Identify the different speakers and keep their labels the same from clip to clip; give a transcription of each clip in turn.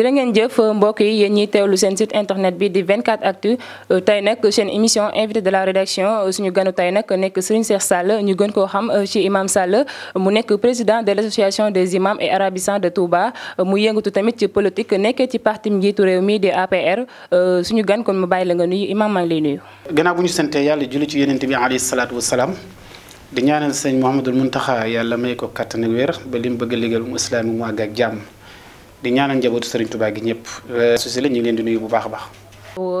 Speaker 1: jërë ngeen jëf mbokk yi yéen ñiy lu seen site internet bi di 24 actu euh, tey nag seen émission invité de la rédaction euh, suñu ganu tey nag nekk Serigne Cheikh Sall ñu gën koo xam euh, ci imam Sall mu nekk président de l' association des imams et arabisants de Touba mu yëngatu tamit ci politique nekkee ci parti njiitu réew mi di APR suñu gan kon mu bàyyi la nga nuyu imam maa ngi lay nuyu.
Speaker 2: bu ñu sante yàlla julli ci yonent bi alayhi salaatu wasalaam di ñaanal sëñ Mouhamadul Muntaxa yàlla may ko kattan ak ba li mu bëgg a mu islaam ak jàmm. di ñaanal njabootu sëriñ Touba gi ñëpp. Euh, susi la ñu leen di nuyu bu baax a baax.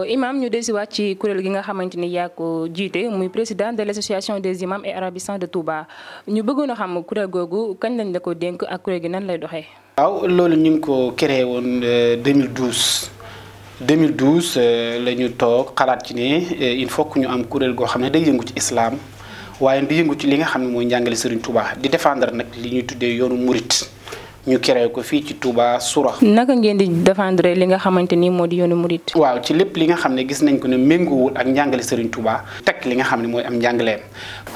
Speaker 1: imam ñu desiwaat ci kuréel gi nga xamante ni yaa ko jiite muy président de l' des imams et arabisants de Touba ñu bëggoon a xam kuréel googu kañ lañ la ko dénk ak kuréel gi nan lay doxee.
Speaker 2: waaw loolu ñu ngi ko créé woon 2012 euh, 2012 euh, la ñu toog xalaat ci ne il faut que ñu am kuréel goo xam ne day yëngu ci islam waaye di yëngu ci li nga xam ne mooy njàngale sëriñ Touba di défendre nag li ñuy tuddee yoonu murit ñu créé ko fii ci Touba Soura.
Speaker 1: naka ngeen di défendre li nga xamante ni moo di yoonu
Speaker 2: murit. waaw ci lépp li nga xam ne gis nañ ko ne méngoowul ak njàngale Serigne Touba teg li nga xam ne mooy am njàngaleem.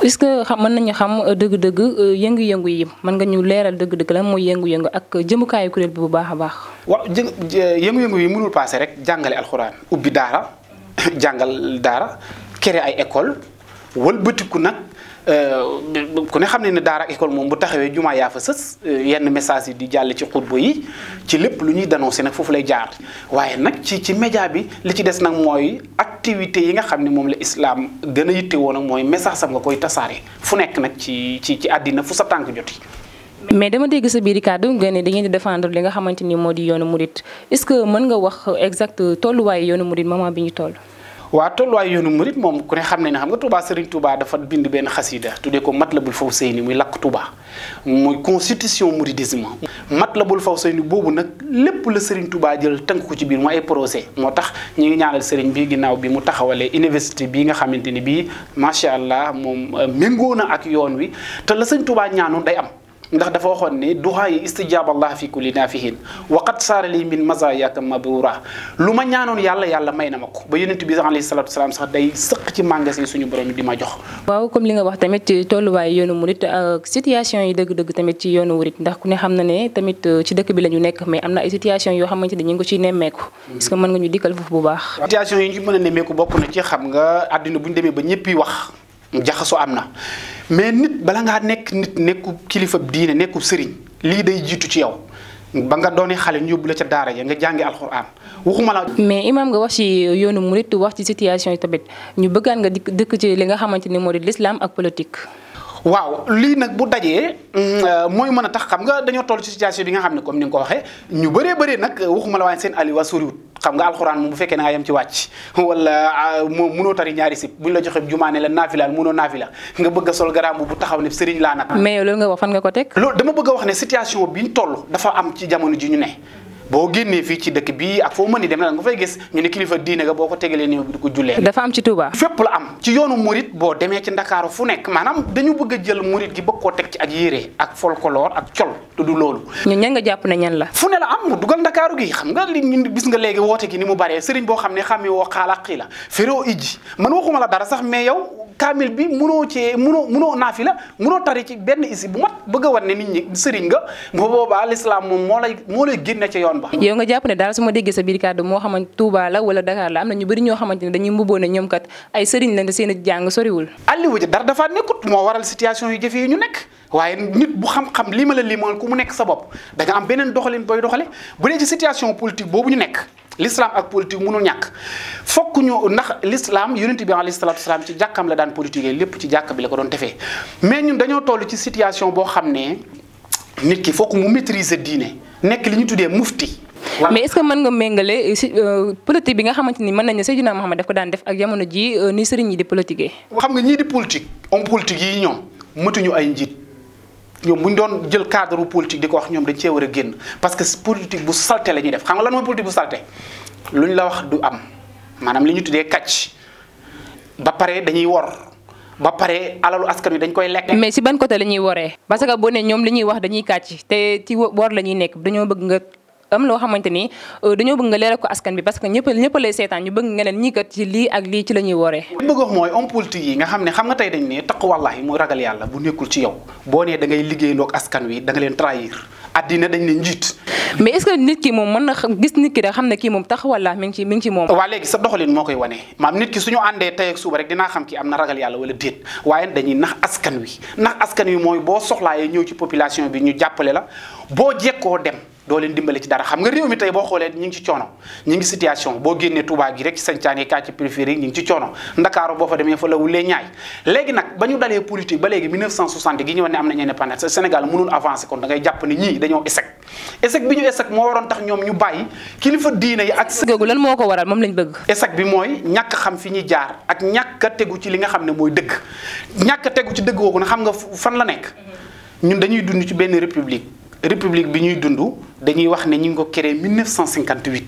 Speaker 1: est-ce que xam mën nañu xam euh, dëgg-dëgg euh, yëngu-yëngu yi mën nga ñu leeral dëgg-dëgg lan mooy yëngu-yëngu ak jëmukaayu kuréel bi bu baax a baax.
Speaker 2: waaw jë yëngu-yëngu yi mënul paase rek jàngale alxuraan ubbi daara jàngal daara kere ay école wëlbatiku nag Euh, ku ne xam ne ne daara école moom bu taxawee jumaa yaa fa sës euh, yenn message yi di jàll ci xutba yi ci lépp lu ñuy dénoncé nag foofu lay jaar waaye nag ci ci média bi li ci des nag mooy activité yi nga xam ne moom la islam gën a yitte woon nag mooy message sam nga koy tasaare fu nekk nag ci ci ci àddina fu sa tànk joti
Speaker 1: mais dama dégg sa biir kàddu nga ne a ngeen di défendre li nga xamante ni moo di yoonu murit est-ce que mën nga wax exact tolluwaayu yoonu murit moment bi ñu toll
Speaker 2: waa tolluwaay yoonu murit moom ku ne xam ne ne xam nga Touba Serigne tubaa dafa bind benn xasida tuddee ko la Matlabul Fawzayni muy lakk Touba muy constitution mouridisme Matlabul Fawzayni boobu nag lépp la Serigne tubaa jël tënk ko ci biir mu ay projet moo tax ñu ngi ñaanal Serigne bi ginnaaw bi mu taxawalee université bii nga xamante ni bii macha allah moom euh, méngoo na ak yoon wi te la Serigne tubaa ñaanoon day am. ndax dafa waxoon ne duhaa yi istijaaba allah fi kulli naafihin wa qad saara li min mazaayaka mabura lu ma ñaanoon yàlla yàlla may na ma ko ba yonent bi alayhi salaatu sëq ci màngas suñu borom di ma jox
Speaker 1: waaw comme li nga wax tamit tolluwaay yoonu murit ak situation yi dëgg-dëgg tamit ci yoonu murit ndax ku ne xam na ne tamit euh, ci dëkk bi la ñu nekk mais am na ay situation yoo xamante ne ñu ngi ko ciy nemmeeku mm-hmm. est mën nga ñu dikkal foofu bu baax
Speaker 2: situation yi ñu mën a bu ñu demee ba ñëpp wax jaxasoo am na mais nit bala ngaa nekk nit nekku kilifa diine nekku sëriñ lii day jiitu ci yow ba nga doonee xale ñu yóbbu la ca daara ya nga jàngi alxuraan waxuma la.
Speaker 1: mais imam nga wax ci yoonu mu murit wax ci situation yi tamit ñu bëggaan nga dikk dëkk ci li nga xamante ni moo di l'islam ak politique.
Speaker 2: waaw lii nag bu dajee mm, euh, mooy man a tax xam nga dañoo toll ci situation bi nga xam ne comme ni nga ko waxee ñu bëree bëree nag waxuma la waaye seen ali waa xam nga alxuraan moom bu fekkee da yem ci wàcc wala euh, moom munoo tari ñaari sib buñ la joxe jumaane la naafilaal munoo naafila nga bëgg a sol garaam bu taxaw ne sëriñ laa nag
Speaker 1: mais yow loolu nga wax fan nga ko teg loolu dama bëgg a wax
Speaker 2: ne situation biñ toll dafa am ci jamono ji ñu ne boo génnee fii ci dëkk bii ak foo mën di dem na nga fay gis ñu ne kilifa diine boo ko tegalee néew bi ko jullee dafa am ci Touba fépp la am ci yoonu murit boo demee ci ndakaaru fu nekk maanaam dañu bëgg jël murit gi bëgg koo teg ci ak yére ak folklore ak col te du loolu
Speaker 1: ñu ñan nga jàpp ne ñan la
Speaker 2: fu ne la am mu dugal ndakaaru gi xam nga li ñu gis nga léegi woote gi ni mu baree sëriñ boo xam ne xamee woo xaala xii la féréo ijji man waxuma la dara sax mais yow kaamil bi munoo cee munoo munoo naafi la munoo tari ci benn isi bu mat bëgg a wan nit ñi sëriñ nga bu boobaa lislaam moom moo lay moo lay génne ci yoon ba
Speaker 1: yow nga jàpp ne daal su ma déggee sa biir kàddu moo xamante Touba la wala Dakar la am na ñu bëri ñoo xamante ne dañu mbubboo ne ñoom kat ay sëriñ lañ te seen jàng soriwul alliwu ji
Speaker 2: dara dafaa nekkut moo waral situation yu jafee ñu nekk waaye nit bu xam-xam lii ma la limal ku mu nekk sa bopp nga am beneen doxalin booy doxale bu dee boobu ñu nekk l'islam ak politique mënul ñàkk fokk ñu ndax l'islam yonent bi alayhi salaatu wasalaam ci jàkkam la daan politique lépp ci jàkk bi la ko doon defee mais ñun dañoo toll ci situation boo xam ne nit ki fokk mu maîtriser diine nekk li ñu tuddee mufti.
Speaker 1: mais est que mën nga méngale euh, si euh, politique bi nga xamante ni mën nañu Seydina Muhammad daf ko daan def ak jamono ji euh, ni sëriñ yi di politiquer. xam nga ñii di politique
Speaker 2: homme politique yi ñoom mëtuñu ay njiit. ñoom bu ñu doon jël cadre politique di ko wax ñoom dañ cee war a génn parce que politique bu salté lañuy def xam nga lan mooy politique bu salté lu ñu la wax du am maanaam li ñu tuddee kàcc ba pare dañuy wor ba pare
Speaker 1: alalu askan wi dañ koy lekk. mais si ban côté la ñuy woree. parce que boo ne ñoom li ñuy wax dañuy kàcc te ci wor la ñuy nekk dañoo bëgg nga. am loo xamante ni euh, dañoo bëgg nga leeral ko parce que ñëpp ñëpp lay seetaan ñu bëgg nga leen ñii kat ci lii ak lii ci la ñuy wooree
Speaker 2: li bëgg xam ne xam nga tey dañ ne taq wallahi muy ragal yàlla bu nekkul ci yow boo nee da liggéey ndoog askan wi da nga leen trahir addina dañ leen njiit
Speaker 1: mais est nit ki moom mën na gis nit ki da xam ne kii moom tax walla mi ngi ci mi ngi ci moom waa léegi
Speaker 2: sa doxalin moo koy wane maam nit ki suñu ñu tey ak suba rek dinaa xam ki am na ragal yàlla wala déet waaye dañuy nax askan wi nax askan wi mooy boo soxlaayee ñëw ci population bi ñu jàppale la boo jekkoo dem doo leen dimbale ci dara xam nga réew mi tey boo xoolee ñu ngi ci coono ñu ngi situation boo génnee Touba gi rek ci sancaan yi quartier périphérique ñu ngi ci coono Ndakaaru boo fa demee fa la wulee ñaay léegi nag ba ñu dalee politique ba léegi 1960 gi ñëw ne am nañu indépendance Sénégal mënul avancer kon da ngay jàpp ne ñii dañoo échec échec bi ñu échec moo waroon tax ñoom ñu bàyyi kilifa diine yi ak googu lan moo ko waral moom lañ bëgg échec bi mooy ñàkk xam fi ñuy jaar ak ñàkk a ci li nga xam ne mooy dëgg ñàkk a ci dëgg googu na xam nga fan la nekk mm-hmm. ñun dañuy dund ci benn république république bi ñuy dund dañuy wax ne ñu ngi ko créé 1958.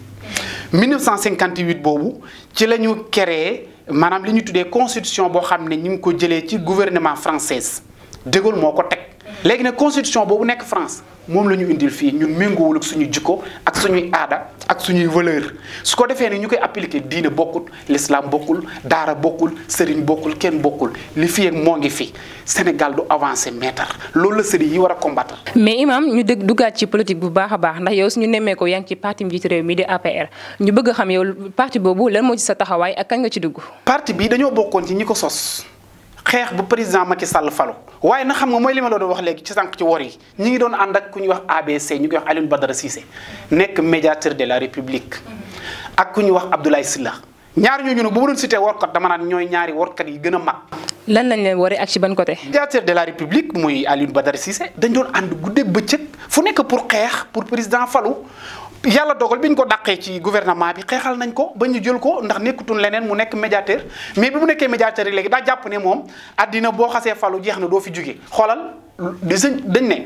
Speaker 2: 1958 boobu ci la ñu créé maanaam li ñu tuddee constitution boo xam ne ñu ngi ko jëlee ci gouvernement française de moo ko teg. léegi nag constitution boobu nekk France moom la ñu indil fii ñun méngoowul ak suñuy jikko ak suñuy aada ak suñu valeur su ko defee ni ñu koy appliquer diine bokkul l'islam bokkul daara bokkul sëriñ bokkul kenn bokkul li fi ak moo ngi fi Sénégal du avancer mètre loolu la sëriñ yi war a combattre.
Speaker 1: mais imam ñu dëgg duggaat ci politique bu baax a baax ndax yow suñu nemmee ko yaa ngi ci parti njiitu réew mi di APR ñu bëgg xam yow parti boobu lan moo ci sa taxawaay ak kañ nga ci dugg. parti bi dañoo bokkoon ci ñi ko sos. xeex bu
Speaker 2: président Macky Sall falu waaye na xam nga mooy li ma la doon wax léegi ci sànq ci wor yi ñi ngi doon ànd ak ku ñu wax ABC ñu koy wax Alioune Badara Cissé nekk médiateur de la République mm-hmm. ak ku ñu wax Abdoulaye Sylla ñaar ñooñu nag bu ma doon cité workat dama naan ñooy ñaari workat yi gën a mag.
Speaker 1: lan lañ leen waree ak ci ban côté.
Speaker 2: médiateur de la république muy Alioune Badara Cissé dañ doon ànd
Speaker 1: guddeeg bëccëg fu nekk
Speaker 2: pour xeex pour président falu yàlla dogal bi ñu ko dàqee ci gouvernement bi xeexal nañ ko ba ñu jël ko ndax nekkutuñ leneen mu nekk médiateur mais bi mu nekkee médiateur léegi daa jàpp ne moom àddina boo xasee falu jeex na doo fi jóge xoolal di dañ ne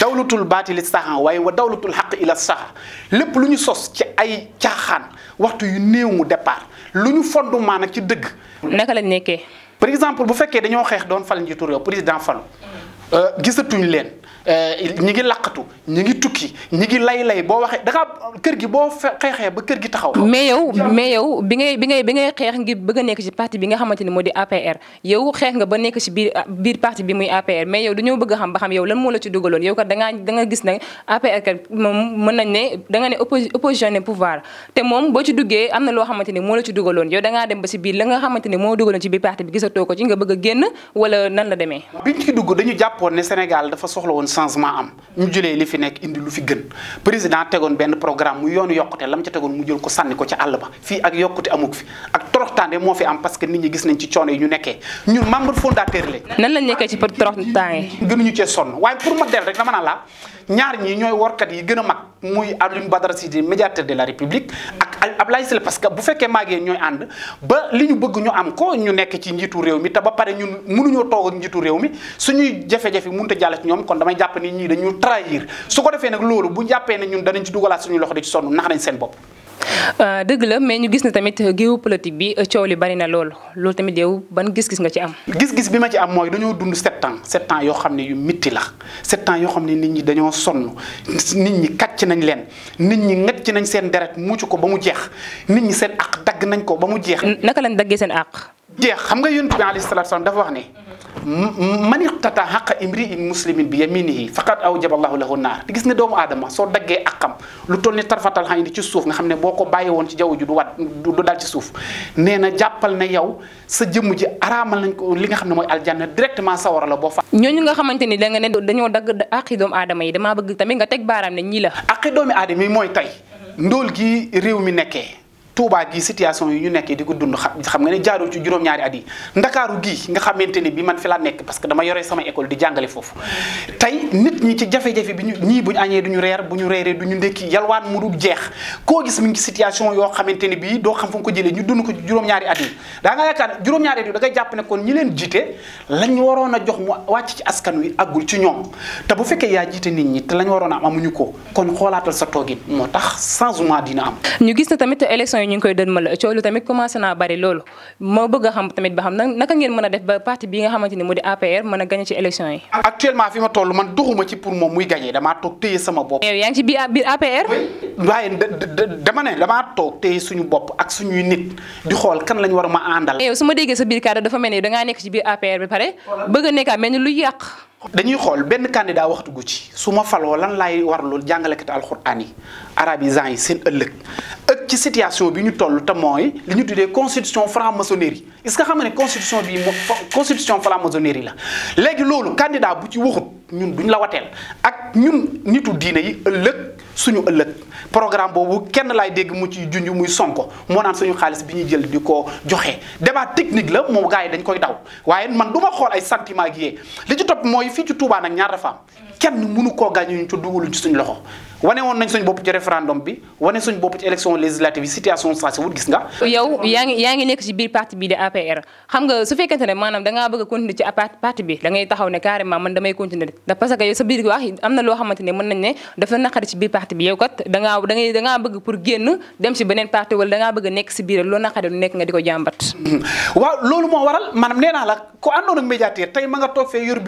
Speaker 2: dawlatul baatili saxan waaye wa dawlatul xaq ila saxa lépp lu ñu sos ci ay caaxaan waxtu yu néew mu départ lu ñu fondement nag ci dëgg. naka lañ nekkee. par exemple bu fekkee dañoo xeex doon fal njiitu réew président falu. Euh, gisatuñ leen euh, ñi ngi laqatu ñi ngi tukki ñi ngi lay-lay boo waxee da nga kër gi boo xeexee ba kër gi taxaw. mais yow
Speaker 1: mais yow bi ngay bi ngay bi ngay xeex ngir bëgg a nekk ci parti bi nga xamante ni moo di APR yow xeex nekk ci biir biir parti bi muy APR mais yow dañoo bëgg xam ba xam yow lan moo la ci dugaloon yow kat da ngaa da nga gis ne APR kat moom mën nañ ne da nga ne opposition ne pouvoir te moom boo ci duggee am na loo xamante ni moo la ci dugaloon yow da ngaa dem ba ci biir la nga xamante ni moo dugaloon ci biir parti bi gisatoo ko ci a génn wala
Speaker 2: jàppoon ne Sénégal dafa soxla woon changement am ñu jëlee li fi nekk indi lu fi gën président tegoon benn programme mu yoonu yokkute lam ca tegoon mu jël ko sànni ko ci àll ba fii ak yokkute amuk fi ak toroxtaande moo fi am parce que nit ñi gis nañ ci coono yi ñu nekkee ñun membre fondateur lañ.
Speaker 1: nan lañ nekkee ci toroxtaande.
Speaker 2: gënuñu cee sonn waaye pour ma del rek dama naan la ñaar ñi ñooy workat yi gën a mag muy Alioune Badara Cissé médiateur de la République ak Ablaye Sylla parce que bu fekkee maagee ñooy ànd ba li ñu bëgg ñu am ko ñu nekk ci njiitu réew mi te ba pare ñun mënuñoo toog ak njiitu réew mi suñuy jafe-jafe mënut a jàll ci ñoom kon damay jàpp ni ñii dañu trahir su ko defee nag loolu bu jàppee na ñun danañ ci dugalaat suñu loxo di ci sonn nax nañ seen bopp
Speaker 1: Euh, dëgg la mais ñu gis ne tamit géopolitique bi euh, coow li bari na lool loolu tamit yow ban gis-gis nga ci am.
Speaker 2: gis-gis bi ma ci am mooy dañoo dund sept ans yoo xam ne yu mitti la sept yoo xam ne nit ñi dañoo sonn nit ñi kàcc nañ leen nit ñi ngëcc nañ seen deret mucc ko ba mu jeex nit ñi seen àq dagg nañ ko ba
Speaker 1: mu jeex. naka lañ daggee seen àq.
Speaker 2: jeex xam nga yonent bi alayhi salaatu salaam dafa wax ne. man iqtata xaqa imri in muslimin bi yaminihi faqad awjaba allahu lahu naar te gis nga doomu aadama soo daggee àqam lu toll ni tarfatal ci suuf nga xam ne boo ko bàyyi woon ci jaww ji du wat du dal ci suuf nee na jàppal ne yow sa jëmm ji araamal nañ ko li nga xam ne mooy aljanna directement sawara la boo fa
Speaker 1: ñooñu nga xamante ni da nga ne dañoo dagg àqi doomu aadama yi damaa bëgg tamit nga teg baaraam ne ñii la
Speaker 2: àqi doomi aadama yi mooy tey ndool gi réew mi nekkee Touba gi situation yi ñu nekkee di ko dund xam nga ne jaarul ci juróom-ñaari at yi ndakaaru gii nga xamante ne bi man fi nekk parce que dama yore sama école di jàngale foofu tey nit ñi ci jafe-jafe bi ñu ñii bu añee du ñu reer bu ñu reeree du ñu ndékki yalwaan mu dul jeex koo gis mi ngi ci yoo xamante ne bii doo xam fu nga ko jëlee ñu dund ko ci juróom-ñaari at yi daa nga yaakaar juróom-ñaari at yi da ngay jàpp ne kon ñi leen jiite lañ waroon a jox mu wàcc ci askan wi aggul ci ñoom te bu fekkee yaa jiite nit ñi te lañ waroon a am amuñu ko kon xoolaatal sa toogin moo tax changement dina
Speaker 1: am ñu ngi koy dënmal coow lu tamit commencé naa bari loolu moo bëgg a xam tamit ba xam na naka ngeen mën a def ba parti bi nga xamante ni mu di APR mën a gañe ci élection yi
Speaker 2: actuellement ma toll man doxuma ci pour moom muy gañee damaa toog téye sama bopp yow
Speaker 1: yaa ngi ci biir biir APR
Speaker 2: waaye dama ne damaa toog téye suñu bopp ak suñuy nit di xool kan lañ war ma àndal
Speaker 1: su ma déggee sa biir dafa mel ni dangaa nekk ci biir APR bi pare bëgg a nekkaat mel ni lu yàq
Speaker 2: dañuy xool benn candidat waxtu gu ci su ma faloo lan laay warlu jàngalekati alxuraan yi arabisants yi seen ëllëg ak ci situation bi ñu toll te mooy li ñu tuddee constitution franc-maçonnerie est-ce que xam nga ne constitution bi moom constitution franc-maçonnerie la léegi loolu candidat bu ci waxut ñun duñ la wateel ak ñun nitu diine yi ëllëg suñu ëllëg programme boobu kenn laay dégg mu ci junj muy sonko moo naan suñu xaalis bi ñuy jël di ko joxe débat technique la moom gars yi dañ koy daw waaye man du xool ay sentiment gi yee li ci topp mooy fii ci Touba ñaar dafa kenn mënu koo gaañu ñu ci dugaluñ ci suñu loxo wane woon nañ suñ bopp ci référendum bi wane suñ bopp ci élection législative yi situation saa si wut gis nga. yow yaa
Speaker 1: ngi yaa nekk ci biir parti bii de APR xam nga su fekkente a continuer ne carrément man damay continuer tamit da parce que yow sa biir wax am na loo xamante ne mën nañ ne dafa naqari ci biir parti bi yow kat da bëgg pour génn dem si beneen parti wala da ngaa bëgg a nekk si biir loo hmm. loolu moo waral maanaam nee la ku àndoon ak médiateur
Speaker 2: tey fee yor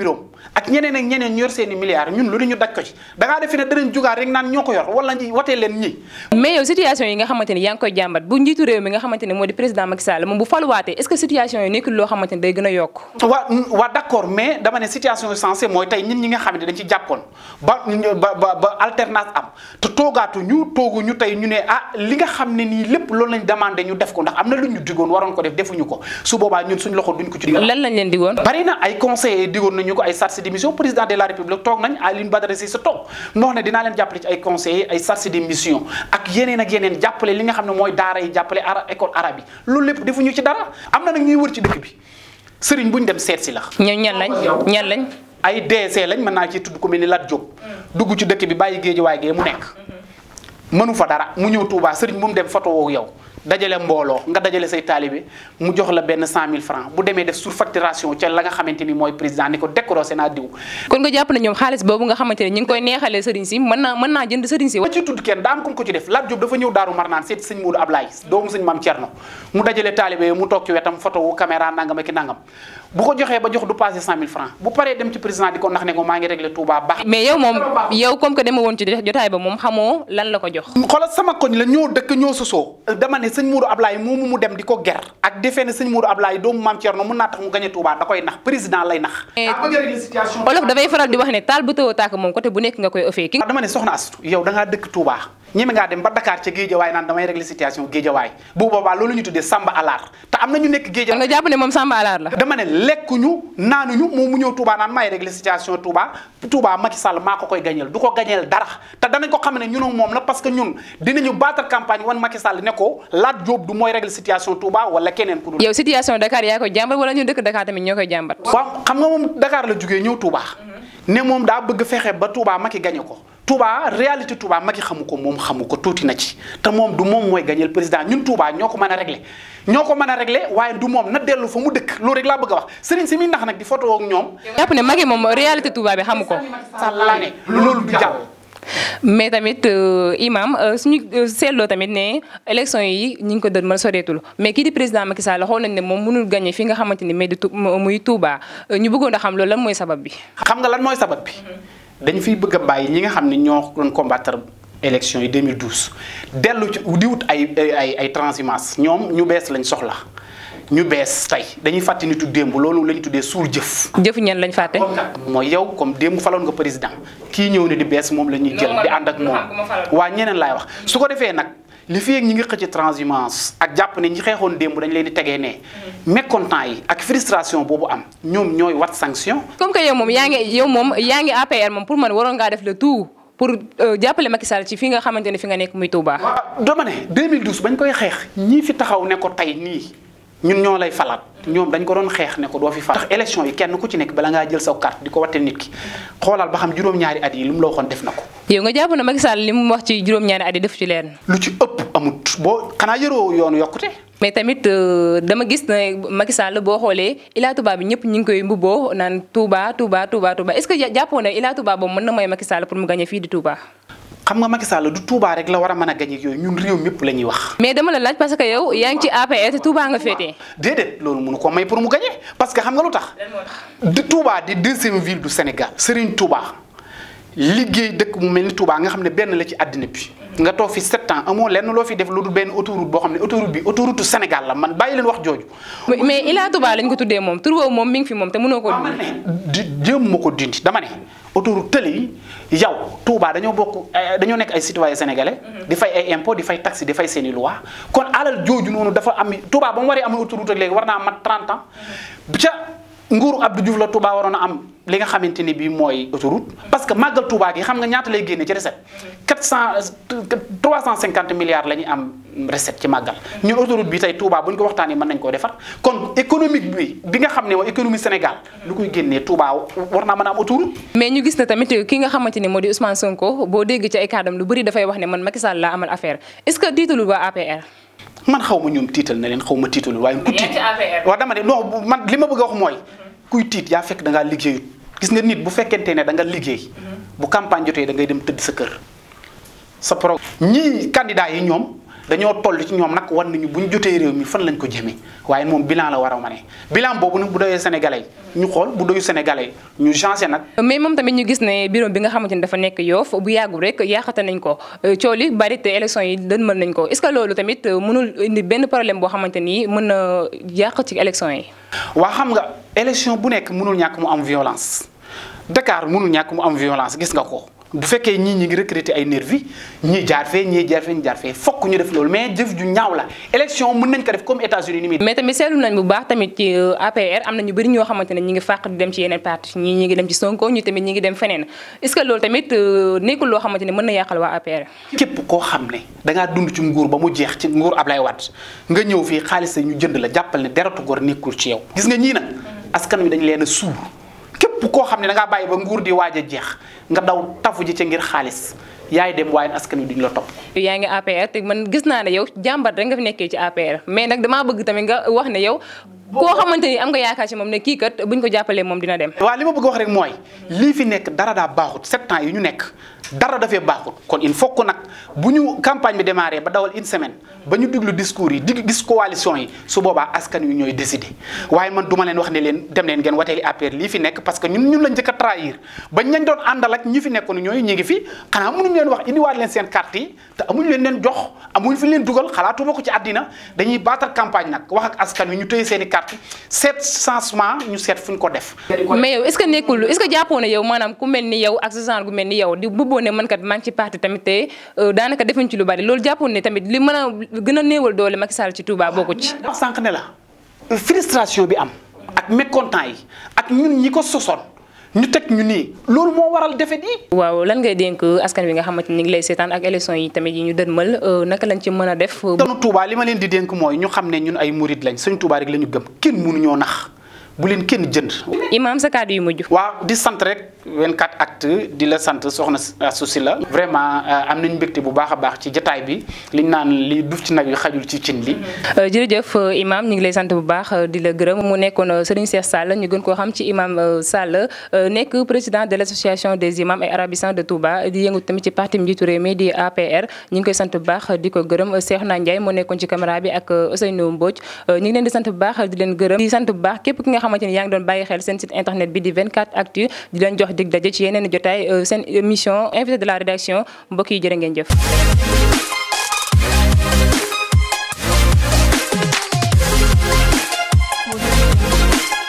Speaker 2: ak ñeneen ñeneen ñu yor seen milliards ñun lu ñu daj ci da defe ne danañ jugaar
Speaker 1: rek naan ñoo ko yor wala watee leen ñi mais situation yi nga xamante yaa ngi koy jàmbat bu njiitu réew
Speaker 2: nit ñi nga xam ne dañ ci jàppoon ba ba ba alternance am te toogaatu ñu toogu ñu tey ñu ne ah li nga xam ne nii lépp loolu lañ demandé ñu def ko ndax am na lu ñu digoon waroon ko def defuñu ko su boobaa ñun suñ loxo duñ ko ci. lañ leen digoon. bari na ay conseillers digoon nañu ko ay chargés de mission président de la république toog nañ Alioune Badara Cissé toog noox ne dinaa leen jàppale ci ay conseillers ay chargés de mission ak yeneen ak yeneen jàppale li nga xam ne mooy daara yi jàppale ara école arabe yi loolu lépp defuñu ci dara am na nag ñuy wër ci dëkk bi sëriñ buñ dem seet si la. ñoom ñan lañ ñan lañ. ay DC lañ mën naa ci tudd ku mel ni Lat dugg ci dëkk bi bàyyi géejiwaay gee mu nekk mënu fa dara mu ñëw Touba sëriñ bu mu dem photo woo yow dajale mbooloo nga dajale say taalibe mu jox la benn cent mille francs bu demee def surfacturation ca la nga xamante ni mooy président ko décorosé naa diw
Speaker 1: kon nga jàpp ne ñoom xaalis boobu nga xamante ne ñu ngi koy neexalee sëriñ si mën naa
Speaker 2: mën naa jënd sëriñ si wa ci tudd kenn daam ku ko ci def Lat Diop dafa ñëw Daaru Marnaan seeti sëñ Moodu Ablaay doomu sëñ Maam Cerno mu dajale taalibe mu toog ci wetam photo wu caméra nangam ak nangam bu ko joxee ba jox du passé 100000 francs bu paree dem ci président di ko ndax ne ko maa ngi réglé Touba baax. mais yow moom yow
Speaker 1: comme que dama woon ci jotaay ba moom xamoo lan la ko jox.
Speaker 2: xoolal sama koñ la ñoo dëkk ñoo sosoo dama ne sëñ Mourou Ablaye moomu mu dem di ko ger ak defee ne sëñ Mourou Ablaye doomu maam Thierno mun naa tax mu gañe Touba da koy nax président lay nax.
Speaker 1: olof dafay faral di wax ne taal bu tëw a tàkk moom côté bu nekk nga koy ëffee ki. dama ne soxna
Speaker 2: Astou yow ñeme ngaa dem ba dakaar ca Géejawaay naan damay régler situation Géejawaay bu boobaa loolu ñu tuddee Samba Alaar te am na ñu nekk Géejawaay. nga jàpp ne moom Samba Alaar la. dama ne lekkuñu naanuñu moom mu ñëw Touba naan may régler Sall maa ko koy gañeel du ko gañeel dara te danañ ko xam ne ñun ak moom la parce que ñun dinañu battre campagne wan Macky Sall ne ko Lat Diop du mooy régler situation wala keneen ku
Speaker 1: dul. yow situation Dakar yaa koy jàmbat wala ñun dëkk Dakar tamit koy jàmbat. waaw xam
Speaker 2: nga moom Dakar la jugee ñëw Touba mm-hmm. ne moom daa bëgg fexe ba Touba Macky gañe ko Touba réalité Touba Macky xamu ko moom xamu ko tuuti na ci te moom du moom mooy gañeel président ñun Touba ñoo ko mën a régler ñoo ko mën a régler waaye du moom na dellu fa mu dëkk loolu rek laa bëgg a wax sëriñ si muy nax nag di photo ak
Speaker 1: ñoom. jàpp ne Macky moom réalité Touba ko. sàllaane loolu du jàll. mais tamit euh, imam euh, suñu euh, seetloo tamit ne élection yi ñu ngi ko doon ma soreetul mais kii di président Macky Sall xool nañ ne moom mënul gagné fi nga xamante ni mais di muy Touba ñu bëggoon a xam loolu lan mooy sabab bi. xam nga lan mooy sabab bi. Mm-hmm.
Speaker 2: dañu fiy bëgg a bàyyi ñi nga xam ne ñoo doon combattre élection yi 2012 dellu ci di wut ay ay ay transhumance ñoom ñu bees lañ soxla ñu bees tey dañuy fàtte nitu démb loolu lañ tuddee suul jëf.
Speaker 1: jëf ñenn lañ fàtte.
Speaker 2: mooy yow comme démb faloon nga président kii ñëw ne di bees moom la ñuy jël di ànd ak moom. waa ñeneen laay wax su ko defee nag. li fi ñi ngi xëcc transhumance ak jàpp ne ñi xeexoon démb dañ leen di tegee ne mm-hmm. mécontent yi ak frustration boobu am ñoom ñooy wat sanction.
Speaker 1: comme que yow moom yaa ngi yow moom yaa ngi APR moom pour man waroon nga def le tout pour euh, jàppale Macky Sall ci fi nga xamante ne fi nga nekk muy Touba. waaw
Speaker 2: dama ne 2012 bañ koy xeex ñii fi taxaw ne ko tey nii. ñun ñoo lay falaat ñoom dañ ko doon xeex ne ko doo fi fal tax élection yi kenn ku ci nekk bala ngaa jël saw carte di ko watte nit ki xoolal ba xam juróom-ñaari at yi lu mu la waxoon def na ko
Speaker 1: yow nga jàpp na Macky Sall li mu wax ci juróom-ñaari at yi def boo mais tamit euh, dama gis ne Macky Sall boo xoolee Ila Touba bi ñëpp ñu ngi koy mbubboo naan Touba Touba Touba Touba est-ce que jàppoo ne Ila Touba boobu mën na mooy Macky pour mu gagné fii di Touba
Speaker 2: xam nga Macky Sall du Touba rek la war a mën a gañe yooyu ñun réew mépp la ñuy wax.
Speaker 1: mais dama la laaj parce que yow yaa ngi ci APR Touba nga féetee.
Speaker 2: déedéet loolu mënu ko may pour mu gañe parce que xam nga lu tax. di Touba di deuxième ville du Sénégal. Serigne Touba liggéey dëkk mu mel ni Touba nga xam ne benn la ci àddina bi. nga toog fi sept ans lenn loo fi def lu dul benn autoroute boo xam ne autoroute bi autoroute Sénégal la man bàyyi leen wax jooju.
Speaker 1: mais Ila Touba
Speaker 2: lañ eh, nekk ay citoyen sénégalais. Mhm. di fay ay impôt di fay taxi di fay seen i loi kon alal jooju noonu dafa am Touba ba mu waree am autoroute ak léegi war naa mat 30 ans mhm. nguuru Abdou Diouf la Touba waroon a am li nga xamante ni bii mooy autoroute parce que màggal Touba gi xam nga ñaata lay génne ci recette 400 350 milliards la ñuy am recette ci màggal ñun autoroute bi tey Touba bu ñu ko waxtaanee man nañ koo defar kon économique bi bi nga xam ne mooy économie Sénégal lu koy génnee Touba war naa mën a am autoroute.
Speaker 1: mais ñu gis na tamit ki nga xamante ni moo di Ousmane Sonko boo dégg ci ay lu bëri dafay wax ne man Macky Sall laa amal affaire est-ce que diitalul
Speaker 2: man xaw ma ñoom tiital na leen xaw ma tiitalul waaye ku tiit waaw dama ne non man li ma bëgg a wax mhm. kuy tiit yaa fekk da ngaa liggéeyut gis nga nit bu fekkente ne da liggéey mhm. bu campagne jotee da ngay dem tëdd sa kër sa pro ñii candidat yi ñoom dañoo toll ci ñoom nag wan nañu bu ñu jotee réew mi fan lañ ko jëmee waaye moom bilan la war a mane boobu nag bu doyee sénégalais ñu xool bu doyu
Speaker 1: sénégalais ñu changé nag. mais moom tamit ñu gis ne bureau bi nga xamante ni dafa nekk yoof bu yàggul rek yàqate nañ ko euh, coow li bari te élection yi dënmal nañ ko est-ce que loolu tamit mënul indi benn problème boo xamante ni mën na yàq ci élection yi.
Speaker 2: waa xam nga élection bu nekk mënul ñàkk mu am violence Dakar mënul ñàkk mu am violence gis nga ko. bu fekkee ñii ñi ngi recruter ay nervi ñii jaar fee ñii jaar fee ñii jaar fee fokk ñu def loolu mais jëf ju ñaaw la élection mën nañ ko def comme États-Unis ni mais
Speaker 1: tamit seetlu nañ bu baax tamit ci euh, APR am bëri ñoo xamante ne ñi ngi fàq di dem ci yeneen parti ñii ñi ngi dem ci Sonko ñu tamit ñi ngi dem feneen est-ce que loolu tamit euh, nekkul loo xamante ne mën na yàqal waa APR.
Speaker 2: képp koo xam ne da ngaa dund ci nguur ba mu jeex ci nguur Ablaye wat nga ñëw fii xaalis ñu jënd la jàppal ne deratu gor nekkul ci yow gis nga ñii nag askan wi dañ leen a suur képp koo xam ne da ngaa bàyyi ba nguur di waaj a jeex nga daw tafu ji ca ngir xaalis yaay dem waaye askan wi duñ la topp.
Speaker 1: yaa ngi APR te man gis naa ne yow jàmbar rek nga fi nekkee ci APR mais nag dama bëgg tamit nga wax ne yow. koo xamante ni am nga yaakaar ci moom ne kii kat buñ ko jàppale moom dina dem. waaw
Speaker 2: li ma bëgg wax rek mooy lii fi nekk dara daa baaxut sept ans yi ñu nekk dara dafee baaxut kon il faut que nag bu ñu campagne bi démarré ba dawal une semaine ba ñu diglu discours yi dig gis coalition yi su boobaa askan wi ñooy décider la njëkk a trahir bañ lañ doon àndal ak ñi fi nekkoon ñooyu ñi ngi fi xanaa mënuñ leen wax indiwaat leen seen carte yi te amuñ leen leen jox amuñ fi leen dugal xalaatuma ko ci àddina dañuy baatal campagne nag wax askan wi ñu téye seen i carte seet changement ñu seet fu ñu ko def
Speaker 1: mais yow est jàppoon man kat maa ngi ci parti tamit te euh, daanaka defuñ ci lu bari loolu jàppoon ne tamit li mën a gën a néewal doole Macky Sall ci Touba bokku ci. wax sànq ne la frustration bi am ak mécontent yi ak ñun ñi ko sosoon. ñu teg ñu nii loolu moo waral defet yi waaw lan ngay dénk askan wi nga xamante ni ngi lay seetaan ak élection yi tamit yi ñu dënmal euh, naka lañ ci mën a def. danu Touba li ma leen di dénk mooy ñu xam
Speaker 2: ne ñun ay murid lañ sëñ Touba rek la ñu gëm kenn mënuñoo nax. bu leen kenn jënd. imaam sa yu mujj. waaw di sant rek 24 actu di la sant soxna Astou la. vraiment euh, am nañ mbégte bu baax a baax ci jataay bi liñ naan li duuf ci nag yi xajul ci cin li.
Speaker 1: Euh, jërëjëf euh, imaam ñu ngi lay sant bu baax di la gërëm mu nekkoon Serigne Cheikh Sall ñu gën koo xam ci imaam Sall nekk président de l' association des imams et arabisants de Touba di tamit ci parti njiitu réew mi di APR ñu bu baax di ko gërëm Cheikhouna Ndiaye moo nekkoon ci caméra bi ak Ousseynou Mbodj ñu ngi leen sant bu baax di leen gërëm di sant bu baax képp ki nga xamante ni yaa ngi doon bàyyi xel seen site internet bi di 24 actu di leen jox dig daje ci yeneen jotaay euh, seen émission invité de la rédaction mbokk yi jërë ngeen